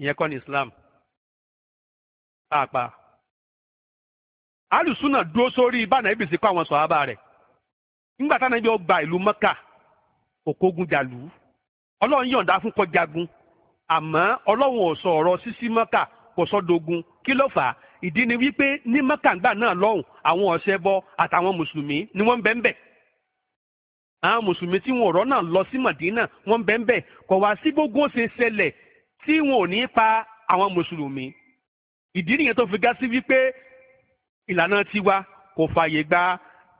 ìyẹn kọ́ ni Islam àpá alùsùnà dúró sórí ìbànà ibìsí kọ́ àwọn sọ̀hábà rẹ̀ nígbà táwọn ẹbí ọgbà ìlú Mẹ́kà òkógun jàlú ọlọ́run yọ̀ǹda fún kọjagun àmọ́ ọlọ́run ò sọ ọ̀rọ̀ sísí Mẹ́kà kò sọ dogun kí ló fà á ìdí ni wípé ní Mẹ́kà ńgbà náà lọ́hùn àwọn ọ̀sẹ̀ bọ àtàwọn mùsùlùmí ni wọ́n ń bẹ́ẹ̀ bẹ́ẹ̀ àwọn mùsùlùmí tí wọn ọ̀rọ̀ náà lọ sí Mọ̀dínà wọ́n ń bẹ́ẹ̀ bẹ́ẹ̀ kò wá sí gbogbo ṣe ṣẹlẹ̀ tí wọn ò ní pa àwọn mùsùlùmí ìdí nìyẹn tó fi gá sí wípé ìlànà tiwa kò fààyè gba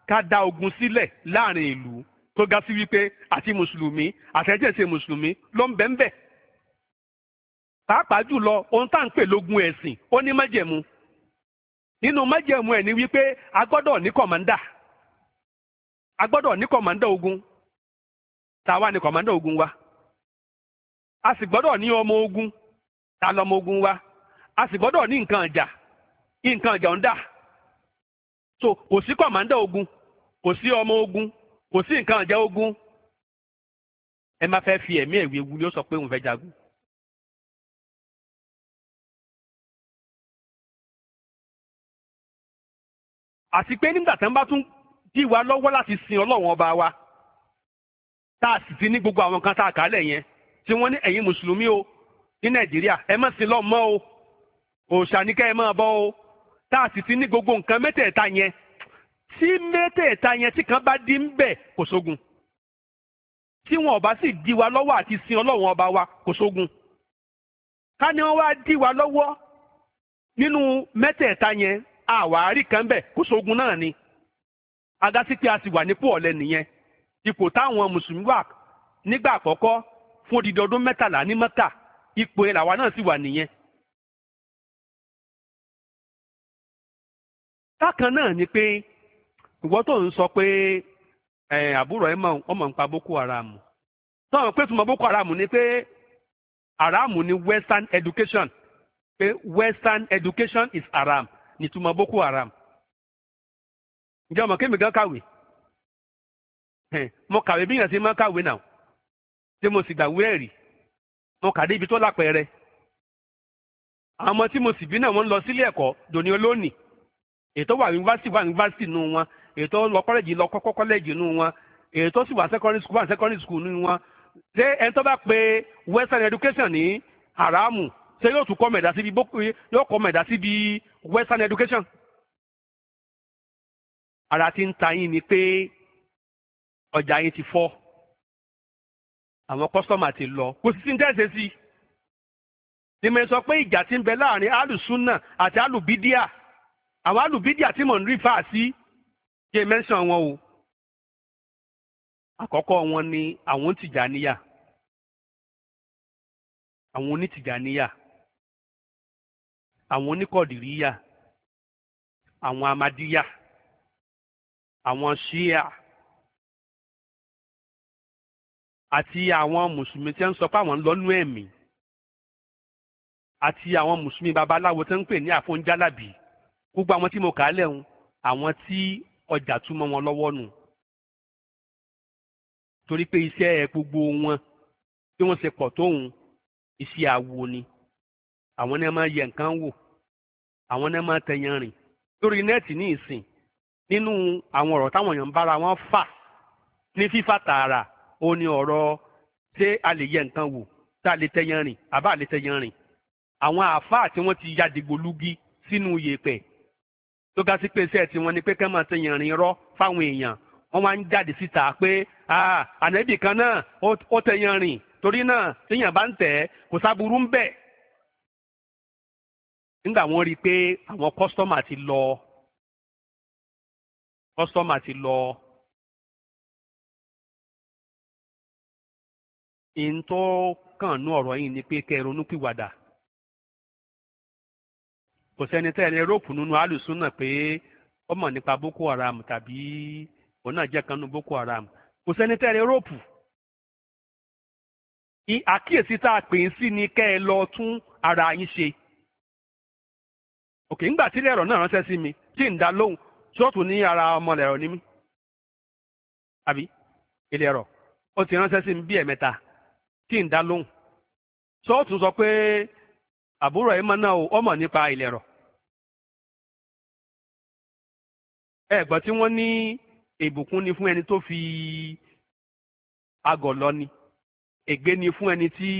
ká dá ogun sílẹ̀ láàrin ìlú tó ga sí wípé àti mùsùlùmí àtẹ̀jẹ̀sẹ̀ mùsùlùmí ló ń bẹ̀ ń bẹ̀. pàápàá jùlọ ohun tá à ń pè lógun ẹ̀sìn ó ní májẹ̀mú nínú májẹ̀mú ẹ̀ ni wípé a gbọ́dọ̀ ní kọ̀mọ́ndà a gbọ́dọ̀ ní kọ̀mọ́ndà ogun tàwa ni kọ̀mọ́ndà ogun wa a sì gbọ́dọ̀ ní ọmọ ogun ta lọmọ ogun wa a sì gbọ́dọ̀ ní nǹkan ìjà nǹkan ìjà ń dà so kò sí kọ̀mándà ogun kò sí ọmọ ogun kò sí nǹkan ìjà ogun ẹ má fẹ́ fi ẹ̀mí ẹ̀wé ewu ni ó sọ pé òun fẹ́ jagun. àti pé nígbà tí wọ́n bá tún dí wa lọ́wọ́ láti sin ọlọ́run ọba wa tá a sì ti ní gbogbo àwọn kan tá a kà á lẹ̀ yẹn tí wọ́n ní ẹ̀yin mùsùlùmí o ní nàìjíríà ẹ má sí lọ́mọ́ o òòṣà ní kẹ́ ẹ máa bọ́ o tá a sì ti ní gbogbo nǹkan mẹ́tẹ̀ẹ̀ta yẹn tí mẹ́tẹ̀ẹ̀ta yẹn tí kan bá dín bẹ̀ kò sógun tí wọn ò bá sì di wa lọ́wọ́ àti sin ọlọ́run ọba wa kò sógun ká ní wọn wá di wa lọ́wọ́ nínú mẹ́tẹ̀ẹ̀ta yẹn àwárí kan bẹ̀ kò sógun náà ni agasi pé a sì wà nípò ọ̀lẹ nìyẹn ipò táwọn mùsùlùmí wà nígbà àkọ́kọ́ fún odidi ọdún mẹ́tàlá ní mẹ́ta ipò ẹ̀ làwa náà sì wà nìyẹn. bákan náà ni pé ìwọ tó ń sọ pé àbúrò ẹ ọmọ ń pa boko haram tọ́wọ́n pé túmọ̀ boko haram ni pé haram ni western education pé western education is haram ni túmọ̀ boko haram. ǹjẹ́ ọmọ kémi gan kàwé mo kàwé bí yàn sí máa kàwé náà. tí mo sì gbàwúrẹ́ rí mo kà dé ibi tó lápẹẹrẹ àwọn ọmọ tí mo sì bí náà wọ́n ń lọ sílé ẹ̀kọ́ dòní olóòní ètò wà yunifásitì wà yunifásitì nù wọn ètò lọ kọ́lẹ́jì lọ kọ́kọ́ kọ́lẹ́jì nù wọn ètò sì wà secondary school wà secondary school nù wọn ṣé ẹni tó bá pe western education ní haramu ṣé yóò tún kọ́ mẹ̀dá síbi yóò kọ́ mẹ̀dá síbi western education ara ti ń ta yín ni pé ọjà yín ti fọ́ àwọn kọ́sọ́mà ti lọ kò sí ní tẹ́sẹ̀ sí ni mo sọ pé ìjà ti ń bẹ láàrin alùsùnà àti alùbídíà àwọn alùbídíà tí mò ń rí fà sí jẹ́ mẹ́sàn wọn o àkọ́kọ́ wọn ni àwọn tìjàníyà àwọn onítìjàníyà àwọn oníkọ̀dìríyà àwọn amadíyà àwọn ṣíà. àti àwọn mùsùlùmí tí ń sọ pé àwọn ń lọ́nú ẹ̀mí àti àwọn mùsùlùmí babaláwo tí ń pè ní àfọ̀njálàbí gbogbo àwọn tí mo kà á lẹ́hùn àwọn tí ọjà túmọ̀ wọn lọ́wọ́ nù torí pé iṣẹ́ ẹ gbogbo wọn bí wọ́n ṣe pọ̀ tóun iṣẹ́ awo ni àwọn náà máa yẹ nǹkan wò àwọn náà máa tẹ̀yàn rìn lórí nẹ́ẹ̀tì ní ìsìn nínú àwọn ọ̀rọ̀ táwọn èèyàn ń bára wọn fà ní fífà tààrà ó ní ọ̀rọ̀ ṣé a lè yẹ nǹkan wò tá a lè tẹyàn rìn àbá a lè tẹyàn rìn àwọn àáfàá tí wọ́n ti ya dìgbòlugi sínú yèèpẹ̀ tó ga sí pé iṣẹ́ tiwọn ni pé kẹ́ máa tẹyàn rìn rọ́ fáwọn èèyàn wọ́n wá ń jáde síta pé ànábì kan náà ó tẹyàn rìn torí náà téèyàn bá ń tẹ̀ ẹ́ kò sábúrú ń bẹ̀. nígbà wọ́n rí i pé àwọn kọ́sítọ́mà ti lọ kọ́sítọ́mà ti lọ ìyẹn tó kàn nú ọ̀rọ̀ yìí ni pé kẹ́ ronú pìwàdà kò sẹ́ni tẹ́ ẹni rọ́ọ̀pù nínú alùsùn náà pé ó mọ̀ nípa boko haram tàbí òun náà jẹ́ kan nínú boko haram kò sẹ́ni tẹ́ ẹni rọ́ọ̀pù àkíyèsí tá a pè ń sí ni kẹ́ ẹ lọ tún ara yín ṣe òkè ńgbà tí lẹ́rọ̀ náà ránṣẹ́ sí mi tí ń dá lóhùn ṣọ́ọ̀tù ní ara ọmọ lẹ́rọ̀ ní mí àbí ilé ẹ̀rọ ó ti ránṣẹ́ sí mi bí ẹ̀mẹ́ta tí ń dá lóhùn ṣọ́ọ̀tún sọ pe aburo ẹ̀ máa ná o ọmọ nípa ìlẹ̀rọ̀ ẹ̀gbọ́n tí wọ́n ní ìbùkún ni fún ẹni tó fi agọ̀ lọ ni ègbé ni fún ẹni tí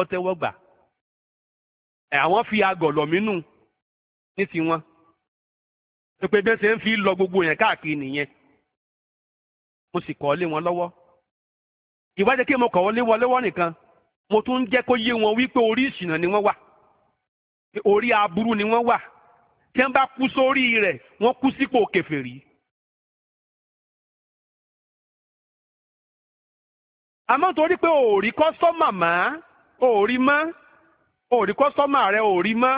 ó tẹ́wọ́ gbà àwọn fi agọ̀ lọ mínú ní tiwọn pé bẹ́ẹ̀ ṣe ń fi lọ gbogbo yẹn káàkiri nìyẹn mo sì kọ́ lé wọn lọ́wọ́ ìwádìí kí mo kàn wọ́n léwọ́léwọ́ nìkan mo tún ń jẹ́ kó yé wọn wípé orí ìṣìnà ni wọ́n wà orí aburú ni wọ́n wà tí wọ́n bá kú sórí rẹ̀ wọ́n kú sípò kèfèrí. àmọ́ torí pé òòrí kọ́sọ́mà mọ́ òòrí mọ́ òòrí kọ́sọ́mà rẹ̀ òòrí mọ́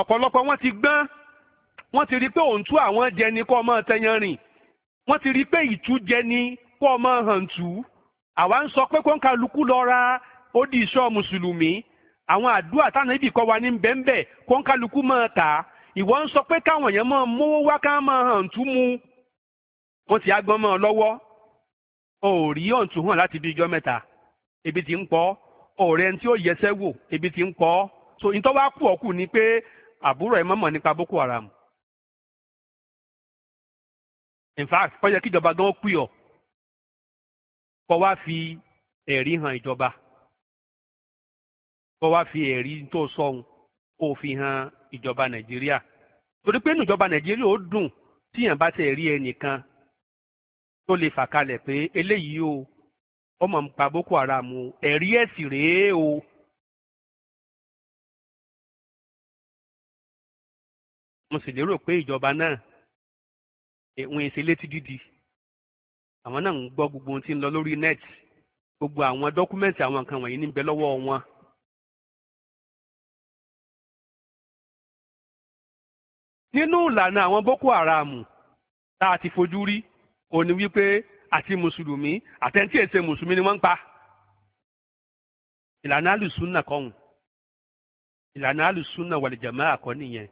ọ̀pọ̀lọpọ̀ wọ́n ti gbọ́n wọ́n ti rí pé òǹtú àwọn jẹ ni kó ọmọ tẹyan rìn wọ́n ti rí pé ìtú jẹ ni kó ọmọ hàn tú. àwa ń sọ pé kó ń ka lukú lọ ó di iṣọ́ mùsùlùmí àwọn àdúrà táwọn ibì kọ́ wa ní bẹ́ńbẹ́ kó ń ka lukú máa tà ìwọ ń sọ pé máa mówó wá ká máa hàn mu ti agbọ́n mọ́ ọ lọ́wọ́ hàn láti bí ijọ́ mẹ́ta ebi ti ń pọ̀ ọ̀rẹ́ tí ó yẹsẹ́ wò ebi ti ń pọ̀ so ìtọ́ kú kọ́ wá fi ẹ̀rí han ìjọba kọ́ wá fi ẹ̀rí tó sọ̀hún kó o fi hàn ìjọba nàìjíríà torí pé inú ìjọba nàìjíríà ó dùn tíyàn bá ti rí ẹnìkan tó lè fà kalẹ̀ pé eléyìí o ọmọ ń pa boko haram o ẹ̀rí ẹ̀sìn rèé o. mo sì lérò pé ìjọba náà wọn èsì létí dídì àwọn náà ń gbọ́ gbogbo ohun tí ń lọ lórí nẹ́ẹ̀tì gbogbo àwọn dọ́kúmẹ́ǹtì àwọn nǹkan wọ̀nyí níbẹ̀ lọ́wọ́ wọn. nínú ìlànà àwọn boko haram tá a ti fojú rí òní wípé àti mùsùlùmí àtẹ̀ntì èsè mùsùlùmí ni wọ́n ń pa. ìlànà alùsùnà kọ́hùn ìlànà alùsùnà wàlìjàmá àkọ́ nìyẹn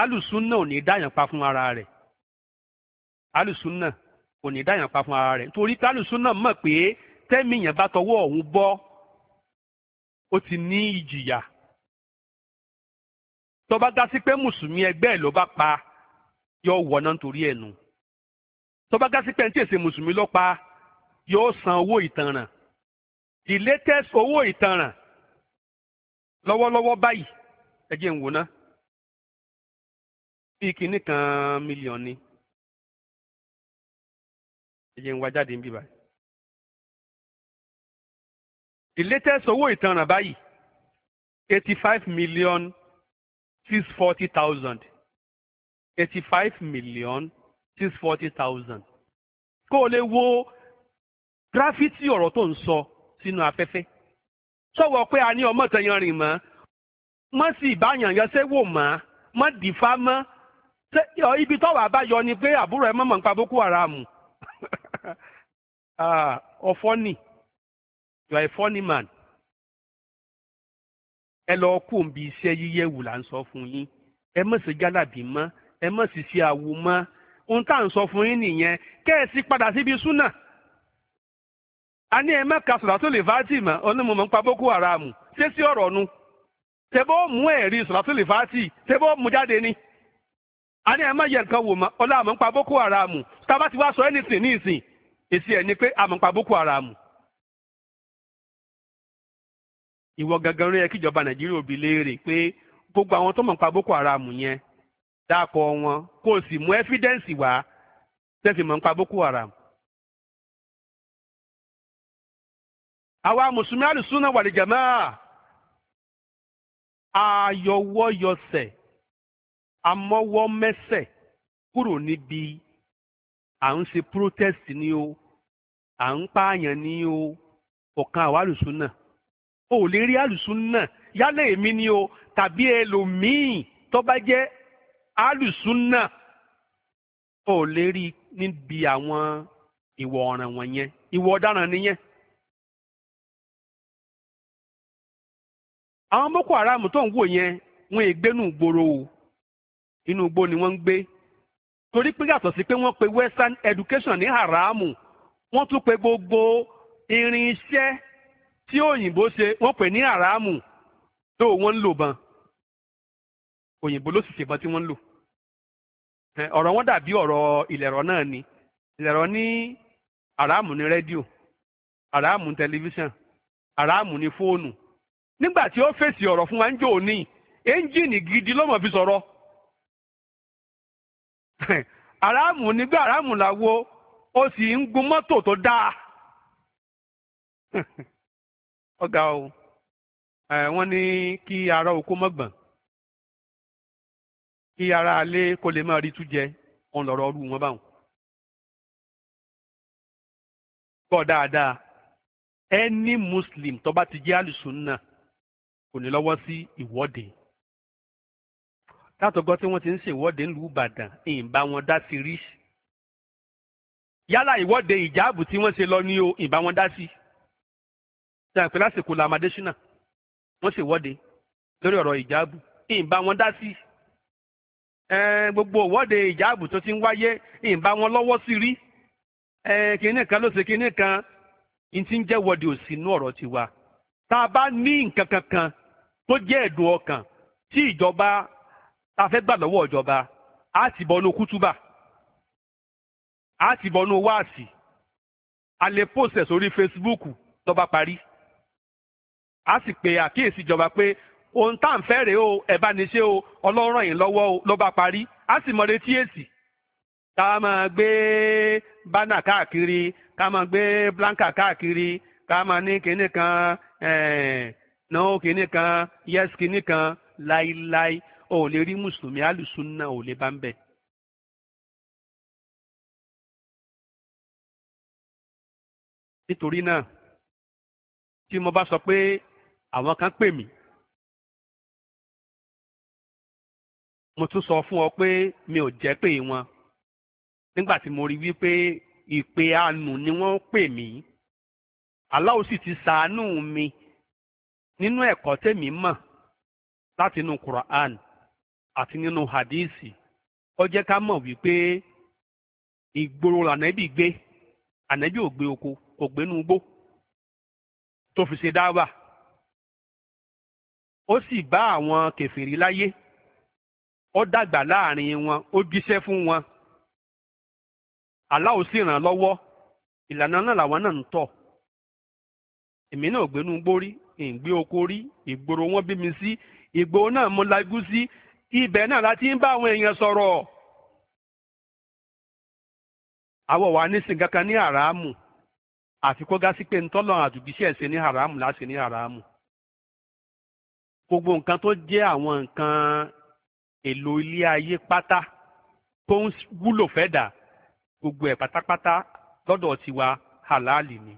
alùsùnà ò ní dáyàn pa fún ara rẹ̀ alùsùnà kò ní dáyàn pa fún ara rẹ̀ torí tálùsùn náà mọ̀ pé tẹ́mi yẹn bá tọwọ́ òun bọ́ ó ti ní ìjìyà tó bá dá sí pé mùsùlùmí ẹgbẹ́ ẹ̀ ló bá pa yóò wọ̀nà nítorí ẹ̀ nù tó bá dá sí pé ní tèsè mùsùlùmí ló pa yóò san owó ìtanràn the latest owó ìtanràn lọ́wọ́lọ́wọ́ báyìí ẹ jẹ́ ń wò ná bí kinní kan mílíọ̀nù ni ẹ jẹ́ ń wá jáde ń bíbá. the latest owó ìtanràn báyìí eighty five million six forty thousand eighty five million six forty thousand kó o lè wo gráfítì ọ̀rọ̀ tó ń sọ sínú afẹ́fẹ́ sọ̀wọ́ pé a ní ọmọ tẹ̀yàn rìn mọ́ mọ́ sí ìbáyàn yẹsẹ́ wò mọ́ mọ́ dìfá mọ́ ibi tọ́wọ́ àbáyọ ni pé àbúrò ẹ mọ̀ mọ̀ nípa Boko Haram ah o funny you are a funny man ẹ lọ kó ń bi iṣẹ́ yíyẹ̀ wù là ń sọ fún yín ẹ má ṣe jálàbí mọ́ ẹ má sì ṣe àwo mọ́ ohun tá à ń sọ fún yín nìyẹn kẹ́ẹ̀sì padà síbi súnà a ní ẹ má ka sọ̀rọ̀tò lè fàátì mọ́ onímọ̀ nípa boko haram ṣé sí ọ̀rọ̀ nu tẹ́bọ́ mú ẹ̀rí sọ̀rọ̀tò lè fàátì tẹ́bọ́ mú jáde ni a ní ẹ má yẹ nǹkan wò mọ́ ọlọ́àmọ́ nípa boko haram tá a bá ti wá sọ anything ní ìsìn èsì ẹ̀ ni pé àmọ̀pá boko haram ìwọ gangan ló yẹ kí ìjọba nàìjíríà òbí léèrè pé gbogbo àwọn tó mọ̀pá boko haram yẹn dákọ̀ wọn kó o sì mú ẹ́fídẹ́ǹsì wá tẹ́sí mọ̀pá boko haram. àwa mùsùlùmí àlùsùnà wal jamaa ayọwọ́yọsẹ̀ amọ́wọ́ kúrò níbi à ń ṣe protest ni o à ń pààyàn ní o ọ̀kan àwọn náà o ò lè rí àlùsùnà yálà èmi ni o tàbí ẹlòmíì tó bá jẹ́ náà o ò lè rí níbi àwọn ìwọ ọ̀ràn wọ̀nyẹn ìwọ ọ̀daràn nìyẹn. àwọn boko haram tó ń wò yẹn wọn è gbé nù gbòòrò o inú igbó ni wọ́n ń gbé torí pé yàtọ̀ sí pé wọ́n pe western education ní haramu wọ́n tún pe gbogbo irinṣẹ́ tí òyìnbó ṣe wọ́n pè ní àràmù tó wọ́n ń lò ban òyìnbó ló sì ṣèbọn tí wọ́n ń lò ọ̀rọ̀ wọn dàbí ọ̀rọ̀ ìlẹ̀rọ náà ni ìlẹ̀rọ ní àràmù ní rédíò àràmù ní tẹlifíṣàn àràmù ní fóònù nígbà tí ó fèsì ọ̀rọ̀ fún wa ń jò ní ẹ́ńjìnì gidi ló mọ̀ fi sọ̀rọ̀ àràmù nígbà àràmù làwo ó sì ń gun mọ́tò tó dáa ọ̀gá o wọ́n ní kí ara oko mọ̀gbọ̀n kí ara alé kó lè máa rí tú jẹ òun lọ̀rọ̀ ọdún wọn báwọn. gbọ́ dáadáa ẹni muslim tó bá ti jẹ́ àlùsùn kò ní lọ́wọ́ sí ìwọ́de látọ̀gọ́ tí wọ́n ti ń ṣèwọ́de ńlùú ìbàdàn ìyìnbá wọn dá sí rí yálà ìwọ́de ìjáàbù tí wọ́n ṣe lọ ní o ìbá wọn dá sí ṣe àpè lásìkò làmàdésínà wọ́n ṣe wọ́de lórí ọ̀rọ̀ ìjáàbù ìbá wọn dá sí gbogbo ìwọ́de ìjáàbù tó ti ń wáyé ìbá wọn lọ́wọ́ sí rí kínní kan ló ṣe kínní kan n ti ń jẹ́ wọ́de òsì inú ọ̀rọ̀ tiwa tá a bá ní nǹkan kankan tó jẹ́ ẹ̀dùn ọkàn tí ìjọba tá a fẹ́ gbà lọ́wọ́ ìjọba á ti bọ́ inú kútúbà a ti bọnú wáàsì a lè post ẹ̀ sórí Facebook tó bá parí a sì pe àkíyèsí ìjọba pé ohun tá à ń fẹ́ rèé o ẹ̀ bá ní ṣe o ọlọ́run yìí lọ́wọ́ o ló parí a sì mọ retí èsì ká máa gbé bánà káàkiri ká máa gbé blanca káàkiri ká máa ní kinní kan eh, náà kinní kan yes kinní kan láíláí o ò lè rí mùsùlùmí alùsùn náà ò lè bá ń bẹ̀. nítorí náà tí mo bá sọ pé àwọn kan pè mí mo tún sọ fún ọ pé mi ò jẹ́ pé wọn nígbà tí mo rí wípé ìpè àánú ni wọ́n pè mí Allah sì ti ṣàánú mi nínú ẹ̀kọ́ tèmi mọ̀ láti inú Quran àti nínú hadisi ó jẹ́ ká mọ̀ wípé ìgboro lànàbì gbé ànàbì ò gbé oko ògbénú igbó tó fi ṣe dáwà ó sì bá àwọn kèfèrí láyé ó dàgbà láàrin wọn ó jíṣẹ́ fún wọn Allah sì ràn lọ́wọ́ ìlànà náà làwọn náà ń tọ̀ èmi náà gbénú igbó rí ìgbé oko rí ìgboro wọn bí mi sí ìgboro náà mo lajú sí ibẹ̀ náà láti ń bá àwọn èèyàn sọ̀rọ̀ àwọn wà nísìn kankan ní àràámù àfi kó gá sí pé ntọ́lọ́run àdùbíṣẹ́ ṣe ní haramu láṣẹ ní haramu gbogbo nǹkan tó jẹ́ àwọn nǹkan èlò ilé ayé pátá tó ń wúlò fẹ́ dà gbogbo ẹ̀ pátápátá lọ́dọ̀ tiwa halali ni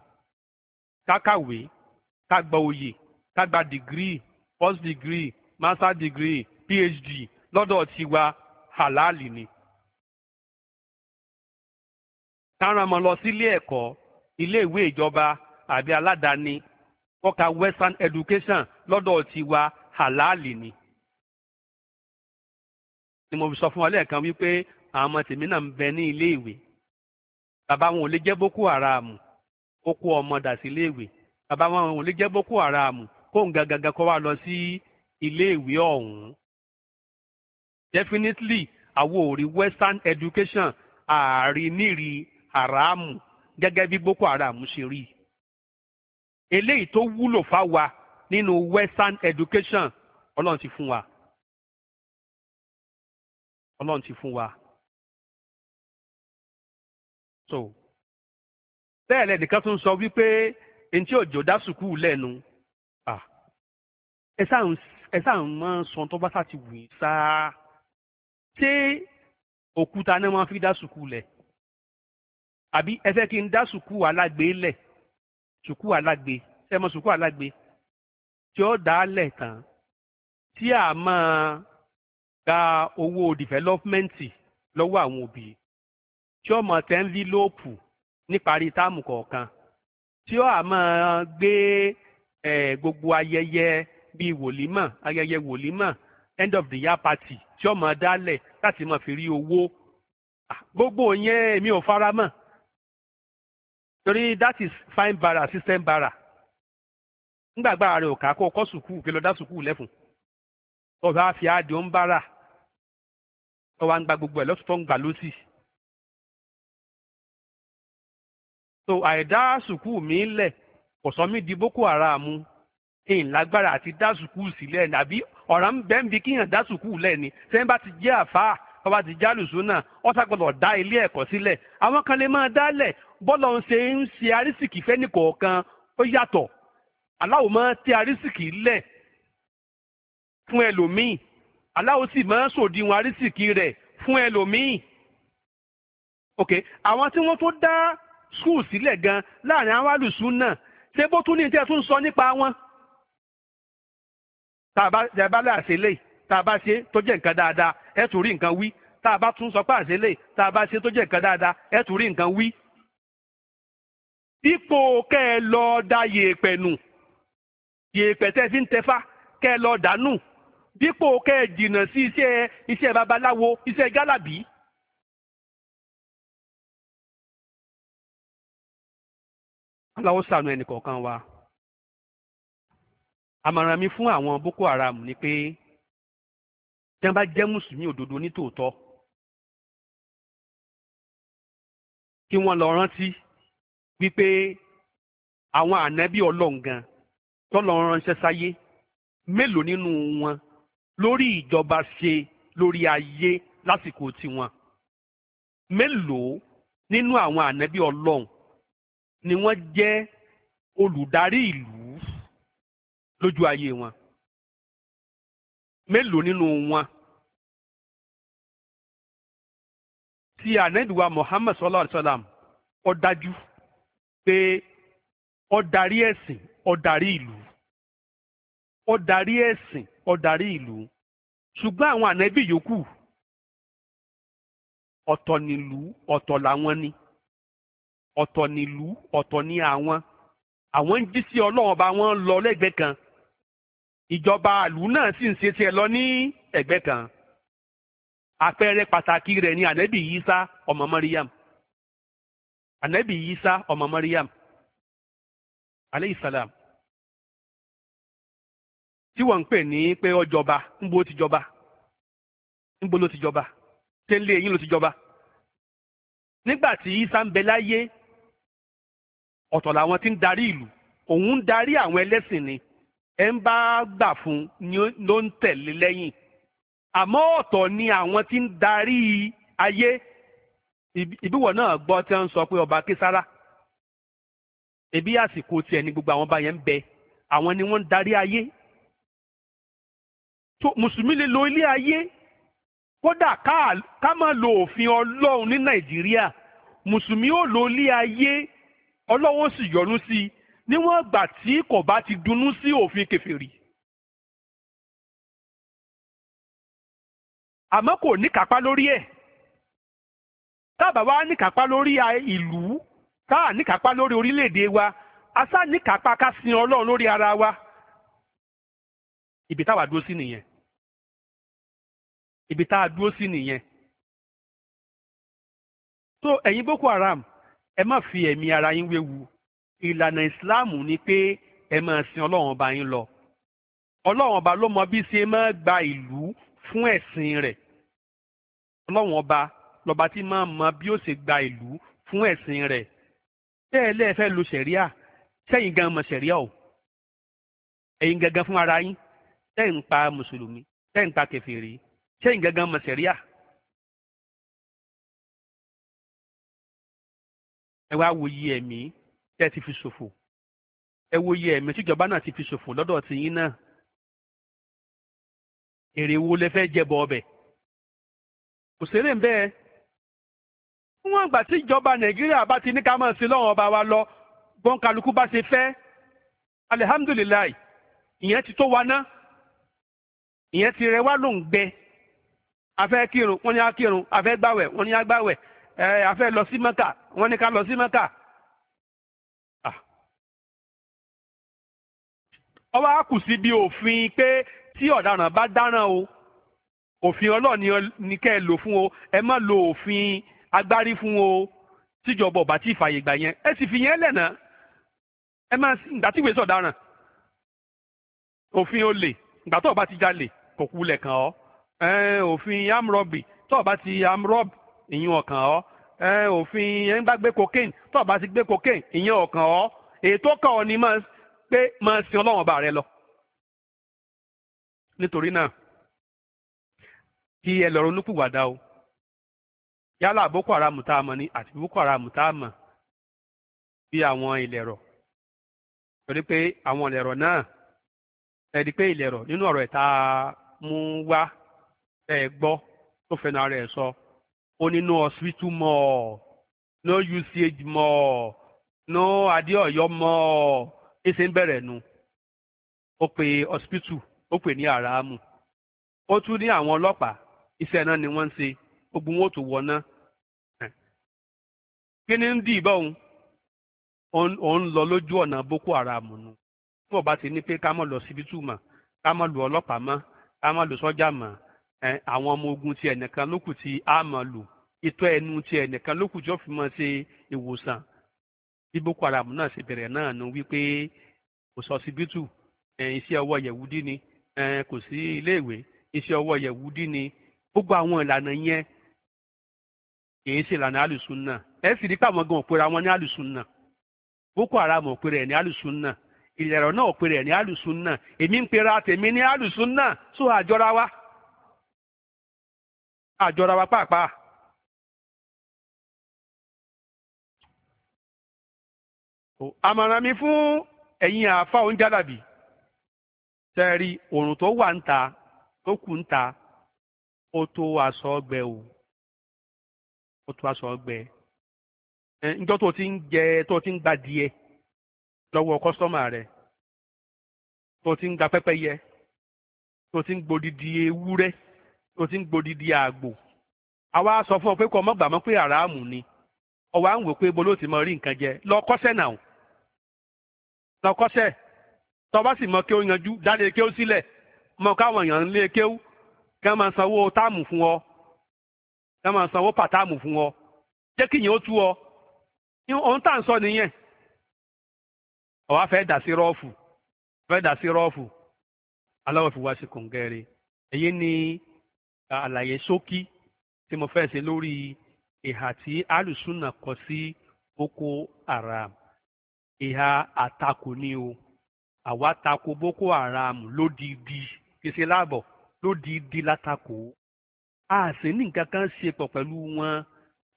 kákàwé ká gba oyè ká gba dìgírì first degree master degree phd lọ́dọ̀ tiwa halali ni. ká rán ọmọ lọ sílé ẹ̀kọ́ Ilé iléèwé ìjọba àbí aládàáni wọ́n ka western education lọ́dọ̀ tiwa halali ni. ni mo sọ fún wa lẹ́ẹ̀kan wípé àwọn ọmọ tèmi náà ń bẹ ní iléèwé bàbá wọn ò lè jẹ́ boko haram ó kó ọmọ dà sí iléèwé bàbá wọn ò lè jẹ́ boko haram kó ń gangan kó wá lọ sí iléèwé ọ̀hún. definitely àwọn ò rí western education ààrí nírì haramu gẹ́gẹ́ bí Boko Haram ṣe rí eléyìí tó wúlò fáwa nínú western education ọlọ́run ti fún wa ọlọ́run ti fún wa so bẹ́ẹ̀ lẹ́nìkan tún sọ wípé ntí òjò dá sùkúù lẹ́nu ẹ sáà ẹ sáà máa ń sọ tó bá sá ti wù í sáà ṣé òkúta náà máa fi dá sùkúù lẹ̀ àbí ẹ fẹ́ kí n dá sùkú alágbe lẹ̀ sùkú alágbe ẹ mọ sùkú alágbe tí ó dá lẹ̀ tán tí a máa gba owó dìfẹ́lọ́pmẹ́ǹtì lọ́wọ́ àwọn òbí tí ó mọ̀ tẹ́ ń lí lóòpù níparí táàmù kọ̀ọ̀kan tí ó a máa gbé gbogbo ayẹyẹ bíi wòlímọ̀ ayẹyẹ wòlímọ̀ end of the year party tí ó mọ̀ dálẹ̀ láti máa fi rí owó ah, gbogbo yẹn èmi ò fara mọ́ torí that is fine bara system bara ngbàgbà rẹ ò ká kó kọ́ sùkúù kí lọ dá sùkúù lẹ́fun ọba àfi àdì ó ọba ń gba gbogbo ẹ̀ lọ́sùtọ́ ń gbà lọ́sì. so àìdá sùkúù mi lẹ̀ ọ̀sán mi di boko haram ẹ̀yìn lágbára àti dá sùkúù sílẹ̀ àbí ọ̀ràn ń bẹ́ẹ̀ bí kíyàn dá sùkúù lẹ̀ ni sẹ́yìn bá ti jẹ́ àfáà ọba ti jálùsùn náà wọ́n ṣàgbọ́dọ̀ dá ilé ẹ̀kọ́ sílẹ̀ àwọn kan lè máa dálẹ̀ bọ́lọ̀ ń ṣe ń ṣe arísìkì fẹ́ni kọ̀ọ̀kan ó yàtọ̀ aláwo máa tẹ arísìkì lẹ̀ fún ẹlòmíì aláwo sì máa ṣòdiwọ̀n arísìkì rẹ̀ fún ẹlòmíì ok àwọn tí wọ́n tó dá skul sílẹ̀ gan láàrin àwọn alùsùn náà ṣé bó tún ní tẹ́ tún sọ nípa wọn tàbá tàbá láàṣẹ lẹ́yìn tá a bá ṣe tó jẹ́ nǹkan dáadáa ẹ tún rí nǹkan wí tá a bá tún sọ pé àṣẹlẹ̀ tá a bá ṣe tó jẹ́ nǹkan dáadáa ẹ tún rí nǹkan wí. dípò kẹ́ ẹ lọ da yèèpẹ̀ nù yèèpẹ̀ tẹ́ ẹ fi ń tẹfá kẹ́ ẹ lọ dànù dípò kẹ́ ẹ jìnnà sí iṣẹ́ iṣẹ́ babaláwo iṣẹ́ gálàbí. aláwo ṣàánú ẹnì kọ̀ọ̀kan wa àmọ̀ràn mi fún àwọn Boko Haram ni pé tí wọ́n bá jẹ́ mùsùlùmí òdodo nítòótọ́ kí wọ́n lọ rántí wípé àwọn ànábì ọlọ́run gan tọ́lọ́run ránṣẹ́ sáyé mélòó nínú wọn lórí ìjọba ṣe lórí ayé lásìkò tiwọn mélòó nínú àwọn ànábì ọlọ́run ni wọ́n jẹ́ olùdarí ìlú lójú ayé wọn. mélòó nínú wọn ti ànẹ́dùwà Muhammad sallallahu alayhi wa sallam ó dájú pé ó darí ẹ̀sìn ó ìlú ó ẹ̀sìn ó ìlú ṣùgbọ́n àwọn ànẹ́bí yòókù ọ̀tọ̀ ọ̀tọ̀ làwọn ni ọ̀tọ̀ nílùú ọ̀tọ̀ ni àwọn àwọn ń jí sí ọlọ́run ọba wọn kan ìjọba àlù náà sì ń ṣe tiẹ̀ lọ ní ẹ̀gbẹ́ kan àpẹẹrẹ pàtàkì rẹ̀ ni ànẹ́bì yísá ọmọ mọ́ríyàm ànẹ́bì yísá ọmọ mọ́ríyàm aleyhisalaam tí wọ́n ń pè ní pé ó jọba ńbo ti jọba ńbo ló ti jọba tẹ́lẹ̀ eyín ló ti jọba nígbà tí yísá ń bẹ láyé ọ̀tọ̀ làwọn tí ń darí ìlú òun ń darí àwọn ẹlẹ́sìn ni ẹ ń bá gbà fún ló ń tẹ̀lé lẹ́yìn àmọ́ ọ̀tọ̀ ni àwọn tí ń darí ayé ìbíwọ̀ náà gbọ́ tí wọ́n ń sọ pé ọba kísára ẹbí àsìkò tiẹ̀ ni gbogbo àwọn ọba yẹn ń bẹ àwọn ni wọ́n ń darí ayé tó mùsùlùmí lè lo ilé ayé kódà ká má lo òfin ọlọ́run ní nàìjíríà mùsùlùmí ò lo ilé ayé ọlọ́run sì yọ́nú sí i níwọ̀n ìgbà tí kò bá ti dunú sí òfin kèfèrí. àmọ́ kò níkàápá lórí ẹ̀ tábà wá níkàápá lórí ìlú táà níkàápá lórí orílẹ̀-èdè wa asá níkàápá ká sin ọlọ́run lórí ara wa ibi táwa dúró sí nìyẹn ibi tá a dúró sí nìyẹn so ẹ̀yin Boko Haram ẹ má fi ẹ̀mí ara yín wéwu ìlànà ìsìláàmù ni pé ẹ máa sin ọlọ́run ọba yín lọ ọlọ́run ọba ló mọ bí ṣe máa gba ìlú fún ẹ̀sìn rẹ̀ ọlọ́run ọba lọ́ba tí máa mọ bí ó ṣe gba ìlú fún ẹ̀sìn rẹ̀ bẹ́ẹ̀ lẹ́ẹ̀fẹ́ lo ṣẹ̀ríà sẹ́yìn gan mọ̀ ṣẹ̀ríà o ẹ̀yin gangan fún ara yín sẹ́yìn pa mùsùlùmí sẹ́yìn pa kẹfìrí sẹ́yìn gangan mọ̀ ṣẹ̀ríà. ẹ wá wòye ẹ̀mí tẹ́ ti fi ṣòfò ẹ wo iye ẹ̀mí tíjọba náà ti fi ṣòfò lọ́dọ̀ tìyín náà èrè wo lẹ fẹ́ jẹbọ ọbẹ̀ kò séré ń bẹ́ẹ̀ wọ́n àgbà tí ìjọba nàìjíríà bá ti ní ká máa sin lọ́wọ́ ọba wa lọ gbọ́nkálukú bá ṣe fẹ́ alihamdulilayi ìyẹn ti tó wa ná ìyẹn ti rẹ wá ló ń gbẹ afẹ́ kírun wọ́n ní á kírun afẹ́ gbàwẹ̀ wọ́n ní á ẹ afẹ́ lọ sí mẹ́kà wọ́n ní ká lọ sí mẹ́kà ó wá kù sí bí òfin pé tí ọ̀daràn bá dáràn o òfin ọlọ́ọ̀ni ni kẹ́ ẹ lò fún o ẹ má lo òfin agbárí fún o tíjọba ọba tí ìfàyè gbà yẹn ẹ sì fi yẹn lẹ̀nà ẹ má ìgbà tí ìwé sọ̀daràn òfin olè ìgbà tó ọba ti jalè kò kulẹ̀ kàn ọ́ òfin amrọ̀bì tó ọba ti amrọ̀b ìyẹn ọ̀kàn ọ́ òfin ẹ̀ ń bá gbé cocaine tó ọba ti gbé cocaine ìyẹn ọ̀kàn ọ́ ètò kan ọ̀ ni máa pé máa sin ọlọ́run ọba rẹ lọ nítorí náà kí ẹ lọ ronúpìwàdà o yálà boko haram tá a mọ̀ ni àti boko haram tá a mọ̀ bí àwọn ìlẹ̀rọ̀ torí pé àwọn ìlẹ̀rọ̀ náà ẹ di pé ìlẹ̀rọ̀ nínú ọ̀rọ̀ ẹ̀ tá a mú wá ẹ gbọ́ tó ara ẹ̀ sọ o nínú no UCH ìṣe ń bẹ̀rẹ̀ nu ó pe hospital ó pè ní àràámù ó tún ní àwọn ọlọ́pàá iṣẹ́ náà ni wọ́n ń ṣe gbogbo wọn ò wọ kí ni ń dì í òun lọ lójú ọ̀nà Boko Haram nu tí ti ní pé ká má lọ síbítù ká lu ọlọ́pàá mọ́ ká lu sọ́jà mọ́ àwọn ọmọ ogun ti ẹnìkan lókù tí mọ̀ lù ìtọ́ ẹnu ti ẹnìkan lókù ó fi mọ̀ ṣe ìwòsàn bí boko haram náà ṣe bẹ̀rẹ̀ náà nu wípé kò sọ síbítù iṣẹ́ ọwọ́ yẹ̀wúdí ni kò sí iléèwé iṣẹ́ ọwọ́ yẹ̀wúdí ni gbogbo àwọn ìlànà yẹn kìí ṣe ìlànà alùsùnà ẹ sì rí pàmò gan òpèrè àwọn ní alùsùnà boko haram òpèrè ẹ̀ ní alùsùnà ìlẹ̀rọ̀ náà òpèrè ẹ̀ ní alùsùnà èmi ń pera tèmi ní alùsùnà sóò àjọra wa àjọra wa pàápàá. àmọ̀ràn mi fún ẹ̀yin àáfà oúnjẹ àdàbì tẹ́ẹ̀rí òrùn tó wà ń ta tó kù ń ta ó tó aṣọ ọgbẹ o ó tó aṣọ ọgbẹ ẹ ǹjọ́ tó ti ń jẹ tó ti ń gba díẹ̀ lọ́wọ́ kọ́sọ́mà rẹ̀ tó ti ń gba pẹ́pẹ́yẹ tó ti ń gbòdìdì ewúrẹ́ tó ti ń gbòdìdì àgbò àwa sọ fún ọ pé kò mọ̀gbà mọ́ pé àràmù ni ọwọ́ à ń wò pé bolo ti mọ rí nǹkan jẹ lọ kọ́sẹ́ o. lọ́kọ́sẹ̀ tọ́ba sì mọ kí ó yanjú dáre kí ó sílẹ̀ mọ káwọn èèyàn ń lé kéwú kí máa sanwó táàmù fún ọ sanwó pàtàmù fún ọ jẹ́ kí yẹn ó tú ọ ohun tá à ń sọ nìyẹn ọ̀wá fẹ́ dà sí dà sí fi wá ni àlàyé ìhà àtakò ni o àwa tako boko haram lódìdí kìsì láàbọ̀ lódìdí látakò a sì ní nǹkan kan ṣe pọ̀ pẹ̀lú wọn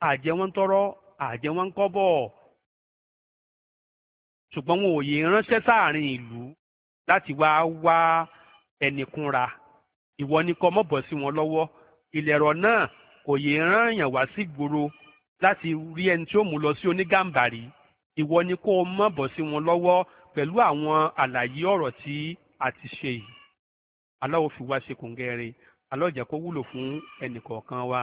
àjẹ wọn tọrọ àjẹ wọn kọ́bọ̀ ṣùgbọ́n wọn ò yé ránṣẹ́ sáàrin ìlú láti wá wá ẹnìkunra ìwọ ni kọ́ mọ́ bọ̀ sí wọn lọ́wọ́ ìlẹ̀rọ̀ náà kò yé rán yàn wá sí ìgboro láti rí ẹni tí ó mú lọ sí onígàmbàrí ìwọ ni kó o mọ̀ bọ̀ sí wọn lọ́wọ́ pẹ̀lú àwọn àlàyé ọ̀rọ̀ tí a ti ṣe yìí aláwo fi wá ṣe kòǹgẹ́rẹ́ alọ́jà kó wúlò fún ẹnìkọ̀ọ̀kan wa